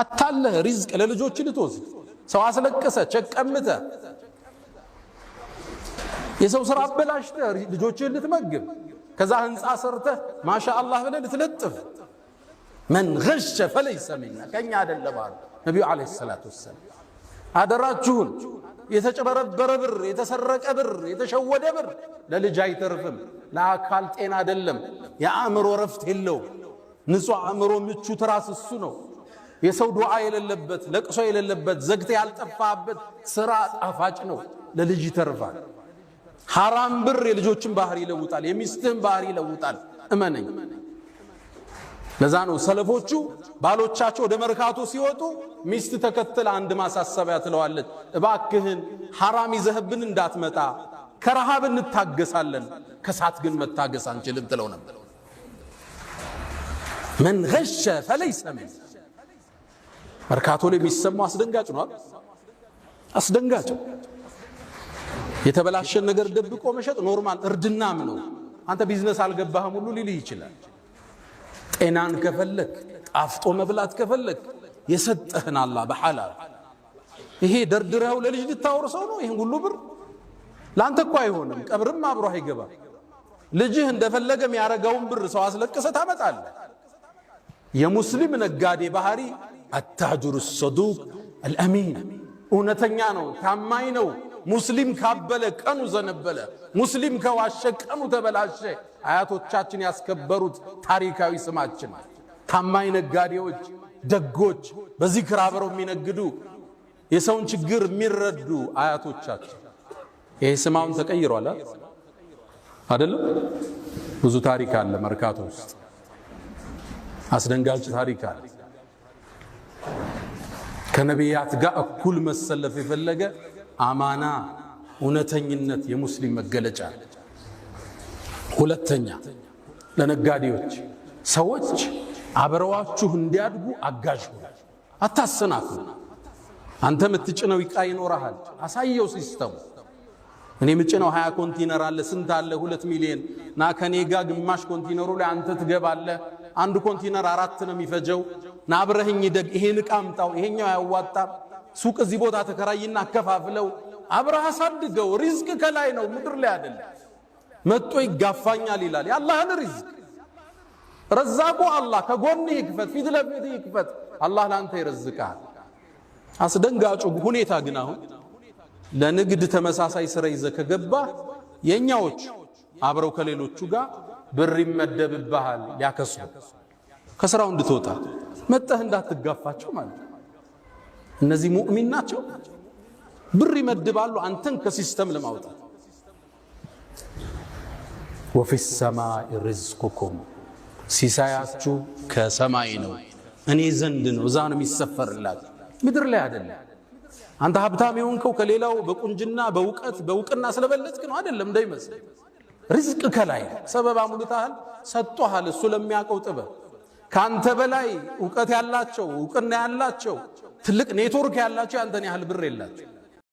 አታለህ ሪዝቅ ለልጆች ልትወስድ ሰው አስለቅሰ ቸቀምተ የሰው ስራ አበላሽተ ልጆችህን ልትመግብ ከዛ ህንፃ ሰርተህ ማሻ አላህ ብለህ ልትለጥፍ መን ገሸ ፈለይሰ ሚና ከኛ አይደለም አሉ ነቢዩ ዓለይሂ ሰላቱ ወሰላም። አደራችሁን የተጨበረበረ ብር፣ የተሰረቀ ብር፣ የተሸወደ ብር ለልጅ አይተርፍም። ለአካል ጤና አይደለም፣ የአእምሮ እረፍት የለውም። ንጹህ አእምሮ ምቹ ትራስ እሱ ነው። የሰው ዱዓ የሌለበት ለቅሶ የሌለበት ዘግት ያልጠፋበት ስራ ጣፋጭ ነው፣ ለልጅ ይተርፋል። ሐራም ብር የልጆችን ባህሪ ይለውጣል፣ የሚስትህን ባህሪ ይለውጣል። እመነኝ። ለዛ ነው ሰለፎቹ ባሎቻቸው ወደ መርካቶ ሲወጡ ሚስት ተከትል አንድ ማሳሰቢያ ትለዋለች፣ እባክህን ሐራም ይዘህብን እንዳትመጣ፣ ከረሃብ እንታገሳለን፣ ከሳት ግን መታገስ አንችልም ትለው ነበር። መን ገሸ ፈለይሰ ሚን መርካቶ ላይ የሚሰማው አስደንጋጭ ነው። አስደንጋጭ የተበላሸን ነገር ደብቆ መሸጥ ኖርማል እርድናም ነው። አንተ ቢዝነስ አልገባህም ሁሉ ሊል ይችላል። ጤናን ከፈለክ ጣፍጦ መብላት ከፈለክ የሰጠህን አላ በሐላል ይሄ ደርድረው ለልጅ ልታወርሰው ነው። ይህን ሁሉ ብር ለአንተ እኮ አይሆንም፣ ቀብርም አብሮ አይገባም። ልጅህ እንደፈለገ የሚያረገውን ብር ሰው አስለቅሰ ታመጣለህ። የሙስሊም ነጋዴ ባህሪ አታጅሩ ሰዱቅ አልአሚን እውነተኛ ነው፣ ታማኝ ነው። ሙስሊም ካበለ ቀኑ ዘነበለ፣ ሙስሊም ከዋሸ ቀኑ ተበላሸ። አያቶቻችን ያስከበሩት ታሪካዊ ስማችን ታማኝ ነጋዴዎች፣ ደጎች፣ በዚክር አብረው የሚነግዱ የሰውን ችግር የሚረዱ አያቶቻችን። ይሄ ስም አሁን ተቀይሯል አይደለም? ብዙ ታሪክ አለ መርካቶ ውስጥ አስደንጋጭ ታሪክ አለ። ከነቢያት ጋር እኩል መሰለፍ የፈለገ አማና፣ እውነተኝነት የሙስሊም መገለጫ። ሁለተኛ ለነጋዴዎች ሰዎች አብረዋችሁ እንዲያድጉ አጋዥ ሆ አታሰናክሉ። አንተ የምትጭነው ዕቃ ይኖረሃል፣ አሳየው ሲስተሙ። እኔ የምጭነው ሀያ ኮንቲነር አለ፣ ስንት አለ? ሁለት ሚሊዮን ና ከኔ ጋ ግማሽ ኮንቲነሩ ላይ አንተ ትገባለህ አንድ ኮንቲነር አራት ነው የሚፈጀው። ናብረህኝ ደግ ይሄን ዕቃ አምጣው፣ ይሄኛው አያዋጣም፣ ሱቅ እዚህ ቦታ ተከራይና አከፋፍለው፣ አብረህ አሳድገው። ሪዝቅ ከላይ ነው፣ ምድር ላይ አይደለም። መጥቶ ይጋፋኛል ይላል። የአላህን ሪዝቅ ረዛቁ አላህ ከጎንህ ይክፈት፣ ፊት ለፊትህ ይክፈት። አላህ ለአንተ ይረዝቃል። አስደንጋጩ ሁኔታ ግን አሁን ለንግድ ተመሳሳይ ስራ ይዘ ከገባ አብረው ከሌሎቹ ጋር ብር ይመደብብሃል ሊያከስሩ ከስራው እንድትወጣ መጠህ እንዳትጋፋቸው ማለት ነው። እነዚህ ሙእሚን ናቸው። ብር ይመድባሉ አንተን ከሲስተም ለማውጣት። ወፊ ሰማይ ርዝቁኩም ሲሳያችሁ ከሰማይ ነው፣ እኔ ዘንድ ነው። እዛ ነው የሚሰፈርላችሁ፣ ምድር ላይ አይደለም። አንተ ሀብታም የሆንከው ከሌላው በቁንጅና በእውቀት በእውቅና ስለበለጥክ ነው አይደለም እንዳይመስል ሪዝቅ ከላይ ሰበብ አሙልታህል ሰጥቶሃል። እሱ ለሚያውቀው ጥበብ ከአንተ በላይ እውቀት ያላቸው እውቅና ያላቸው ትልቅ ኔትወርክ ያላቸው ያንተን ያህል ብር የላቸው።